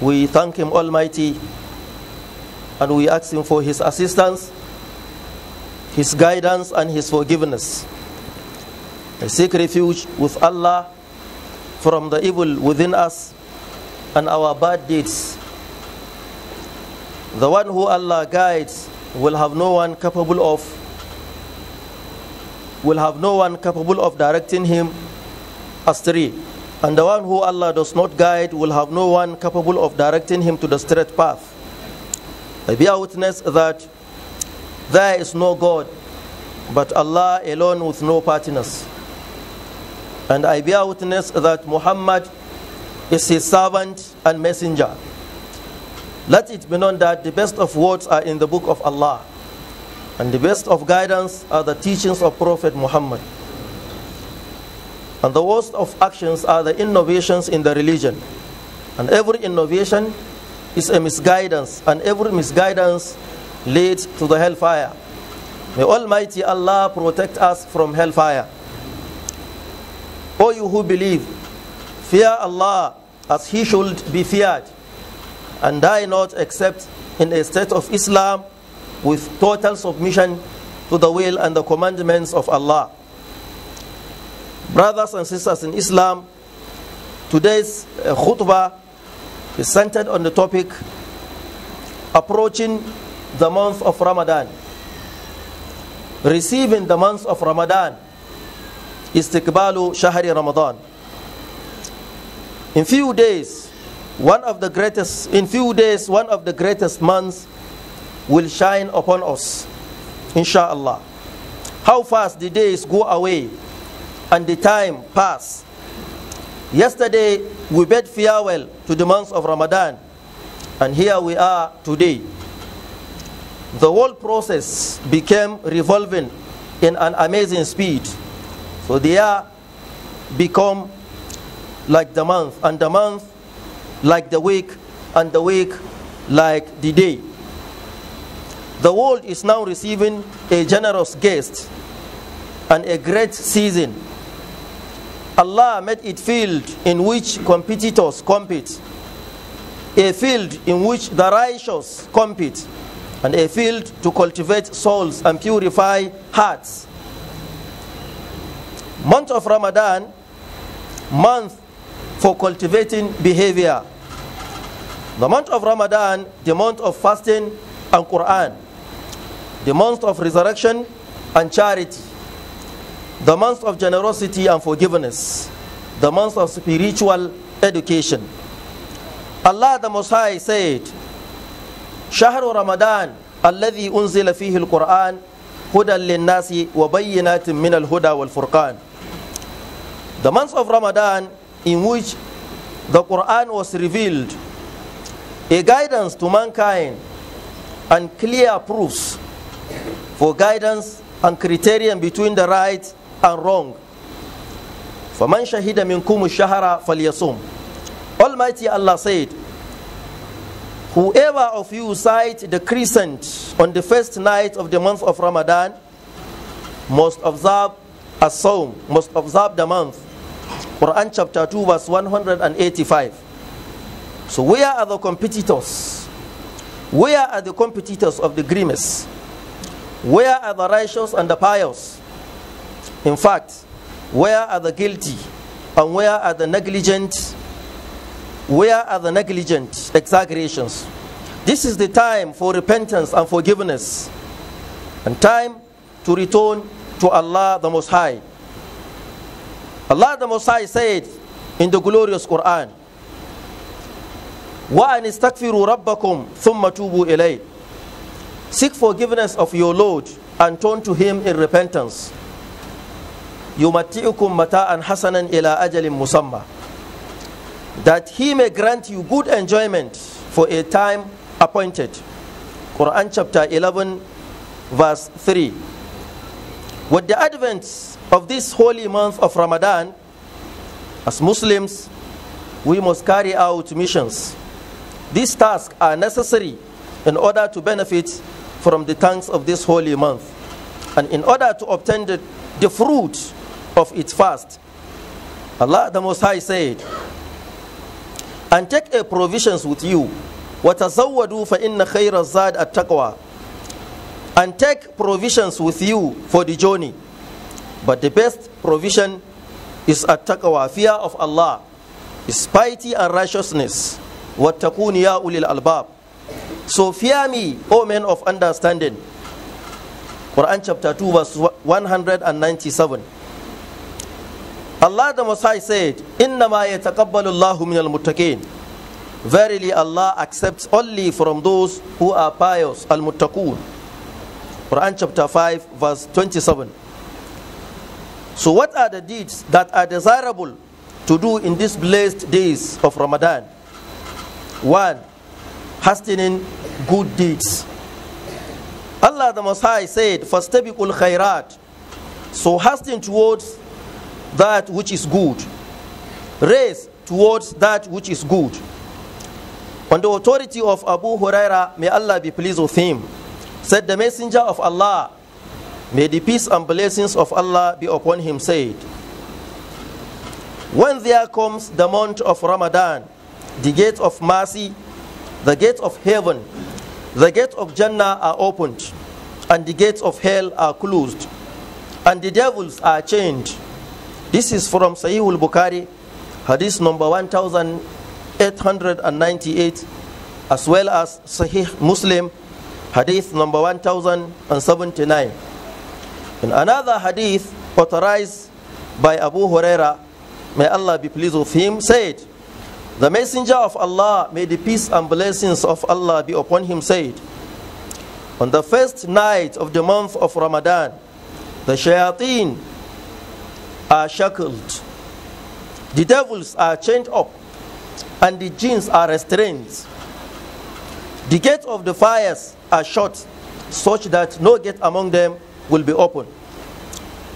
We thank Him Almighty and we ask Him for His assistance, His guidance, and His forgiveness. seek refuge with Allah from the evil within us and our bad deeds. The one who Allah guides will have no one capable of will have no one capable of directing him astray. And the one who Allah does not guide will have no one capable of directing him to the straight path. I bear witness that there is no God but Allah alone with no partners. And I bear witness that Muhammad is his servant and messenger. Let it be known that the best of words are in the book of Allah, and the best of guidance are the teachings of Prophet Muhammad. And the worst of actions are the innovations in the religion. And every innovation is a misguidance, and every misguidance leads to the hellfire. May Almighty Allah protect us from hellfire. O you who believe, fear Allah as He should be feared, and die not except in a state of Islam with total submission to the will and the commandments of Allah. Brothers and sisters in Islam, today's uh, khutbah is centered on the topic approaching the month of Ramadan. Receiving the month of Ramadan, istiqbalu shahri Ramadan. In few days, one of the greatest, in few days, one of the greatest months will shine upon us, inshallah. How fast the days go away and the time pass. Yesterday, we bade farewell to the month of Ramadan, and here we are today. The whole process became revolving in an amazing speed. So the year become like the month, and the month like the week, and the week like the day. The world is now receiving a generous guest and a great season Allah made it field in which competitors compete, a field in which the righteous compete, and a field to cultivate souls and purify hearts. Month of Ramadan, month for cultivating behavior. The month of Ramadan, the month of fasting and Quran. The month of resurrection and charity. the month of generosity and forgiveness, the month of spiritual education. Allah the Most High said, شهر رمضان الذي أنزل فيه القرآن هدى للناس وبينات من الهدى والفرقان. The month of Ramadan in which the Quran was revealed, a guidance to mankind and clear proofs for guidance and criterion between the right and wrong. فَمَنْ شَهِدَ مِنْكُمُ الشَّهَرَ فَلْيَصُمْ Almighty Allah said, Whoever of you sight the crescent on the first night of the month of Ramadan must observe a psalm, must observe the month. Quran chapter 2 verse 185. So where are the competitors? Where are the competitors of the grimace? Where are the righteous and the pious? In fact, where are the guilty and where are the negligent? Where are the negligent exaggerations? This is the time for repentance and forgiveness, and time to return to Allah the Most High. Allah the Most High said in the glorious Quran, وَأَنِ اسْتَغْفِرُوا رَبَّكُمْ ثُمَّ تُوبُوا إِلَيْهِ Seek forgiveness of your Lord and turn to Him in repentance. yumati'ukum mata'an hasanan ila ajalin musamma that he may grant you good enjoyment for a time appointed Quran chapter 11 verse 3 with the advent of this holy month of Ramadan as Muslims we must carry out missions these tasks are necessary in order to benefit from the thanks of this holy month and in order to obtain the, the fruit of its fast. Allah the Most High said, And take a provisions with you, وَتَزَوَّدُوا فَإِنَّ خَيْرَ الزَّادِ التَّقْوَى And take provisions with you for the journey. But the best provision is at-taqwa, fear of Allah, is piety and righteousness. وَاتَّقُونِ يَا أُولِي الْأَلْبَابِ So fear me, O men of understanding. Quran chapter 2 verse 197. Allah the High said, إِنَّمَا يَتَقَبَّلُ اللَّهُ مِنَ الْمُتَّقِينَ Verily Allah accepts only from those who are pious, al-muttaqun. Quran chapter 5 verse 27. So what are the deeds that are desirable to do in these blessed days of Ramadan? One, hastening good deeds. Allah the High said, فَاسْتَبِقُ الْخَيْرَاتِ So hasten towards that which is good. Race towards that which is good. On the authority of Abu Huraira, may Allah be pleased with him, said the messenger of Allah, may the peace and blessings of Allah be upon him, said, When there comes the month of Ramadan, the gate of mercy, the gate of heaven, the gate of Jannah are opened, and the gates of hell are closed, and the devils are chained this is from Sahih al-Bukhari, hadith number 1898, as well as Sahih Muslim, hadith number 1079. And another hadith authorized by Abu Huraira, may Allah be pleased with him, said, The messenger of Allah, may the peace and blessings of Allah be upon him, said, On the first night of the month of Ramadan, the shayateen are shackled, the devils are chained up, and the jinns are restrained. The gates of the fires are shut, such that no gate among them will be opened.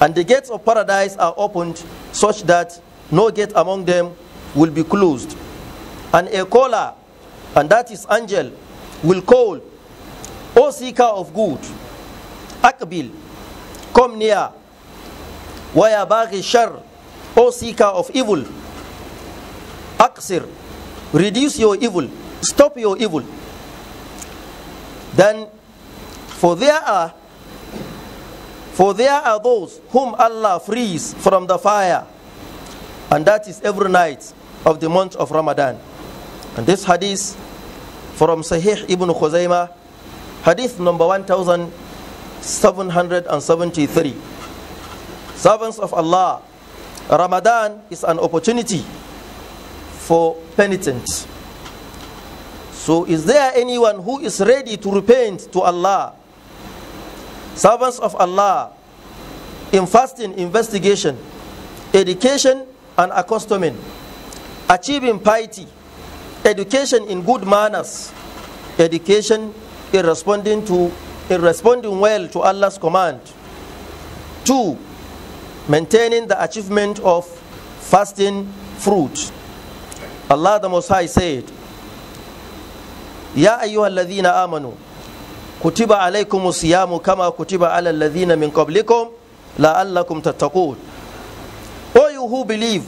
And the gates of paradise are opened, such that no gate among them will be closed. And a caller, and that is angel, will call, O seeker of good, Akbil, come near. waya baghi shar O seeker of evil, Aksir, reduce your evil, stop your evil. Then, for there are for there are those whom Allah frees from the fire, and that is every night of the month of Ramadan. And this hadith from Sahih Ibn Khuzaimah, hadith number 1773. Servants of Allah, Ramadan is an opportunity for penitent, So is there anyone who is ready to repent to Allah? Servants of Allah, in fasting, investigation, education and accustoming, achieving piety, education in good manners, education in responding to in responding well to Allah's command. Two, maintaining the achievement of fasting fruit. Allah the Most High said, Ya ayyuhal ladhina amanu, kutiba alaykum siyamu kama kutiba ala ladhina min qablikum la'allakum tattaqun. O you who believe,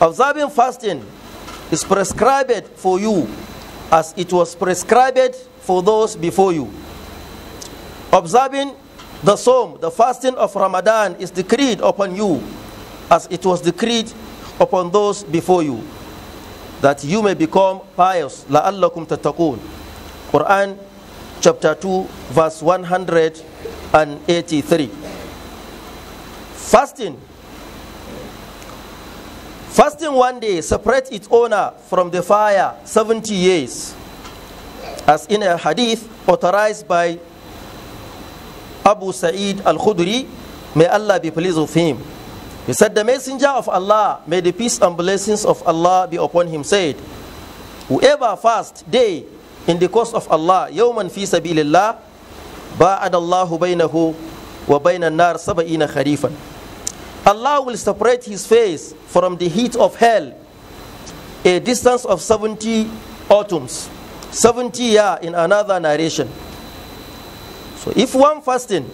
observing fasting is prescribed for you as it was prescribed for those before you. Observing The psalm, the fasting of Ramadan is decreed upon you as it was decreed upon those before you that you may become pious. لَأَلَّكُمْ tattaqun, Quran chapter 2 verse 183. Fasting. Fasting one day separates its owner from the fire 70 years as in a hadith authorized by abu sa'id al-khudri may allah be pleased with him he said the messenger of allah may the peace and blessings of allah be upon him said whoever fast day in the course of allah yawman fi sabilillah ba'ad allahu baynahu wa bainan nar sab'ina kharifan allah will separate his face from the heat of hell a distance of 70 autumns 70 year in another narration So if one fasting,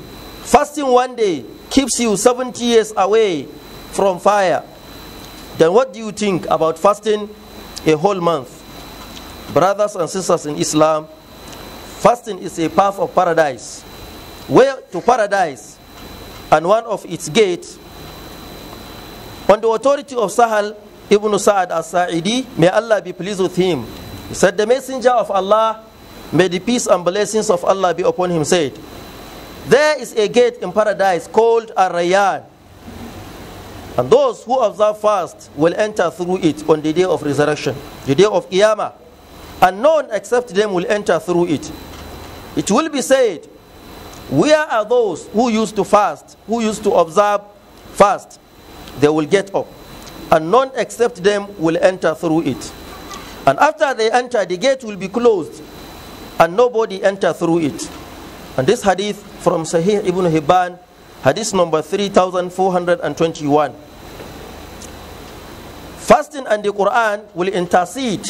fasting one day keeps you 70 years away from fire, then what do you think about fasting a whole month? Brothers and sisters in Islam, fasting is a path of paradise. Where to paradise and one of its gates, on the authority of Sahal ibn Sa'ad as-Sa'idi, may Allah be pleased with him, he said, the messenger of Allah May the peace and blessings of Allah be upon him said, There is a gate in paradise called Ar-Rayyan. And those who observe fast will enter through it on the day of resurrection, the day of Qiyamah. And none except them will enter through it. It will be said, Where are those who used to fast, who used to observe fast? They will get up. And none except them will enter through it. And after they enter, the gate will be closed and nobody enter through it. And this hadith from Sahih Ibn Hibban, hadith number 3421. Fasting and the Quran will intercede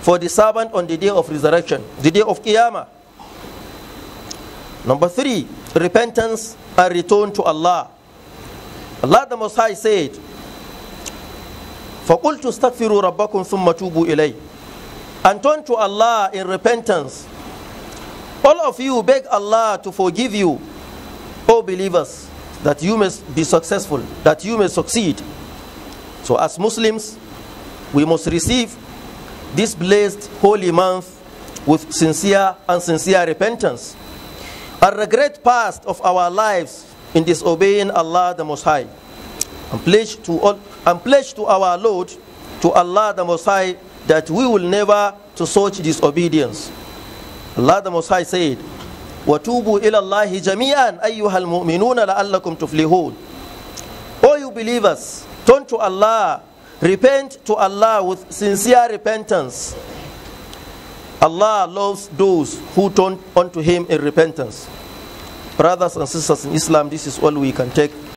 for the servant on the day of resurrection, the day of Qiyamah. Number three, repentance and return to Allah. Allah the Most High said, فَقُلْتُ اسْتَغْفِرُوا رَبَّكُمْ ثُمَّ تُوبُوا إِلَيْهِ and turn to Allah in repentance. All of you beg Allah to forgive you, O believers, that you may be successful, that you may succeed. So, as Muslims, we must receive this blessed holy month with sincere and sincere repentance and regret past of our lives in disobeying Allah the Most High and pledge to, all, and pledge to our Lord, to Allah the Most High, that we will never to such disobedience. Allah the Most High said, وَتُوبُوا إِلَى اللَّهِ جَمِيعًا أَيُّهَا الْمُؤْمِنُونَ لَعَلَّكُمْ تُفْلِحُونَ All you believers, turn to Allah, repent to Allah with sincere repentance. Allah loves those who turn unto Him in repentance. Brothers and sisters in Islam, this is all we can take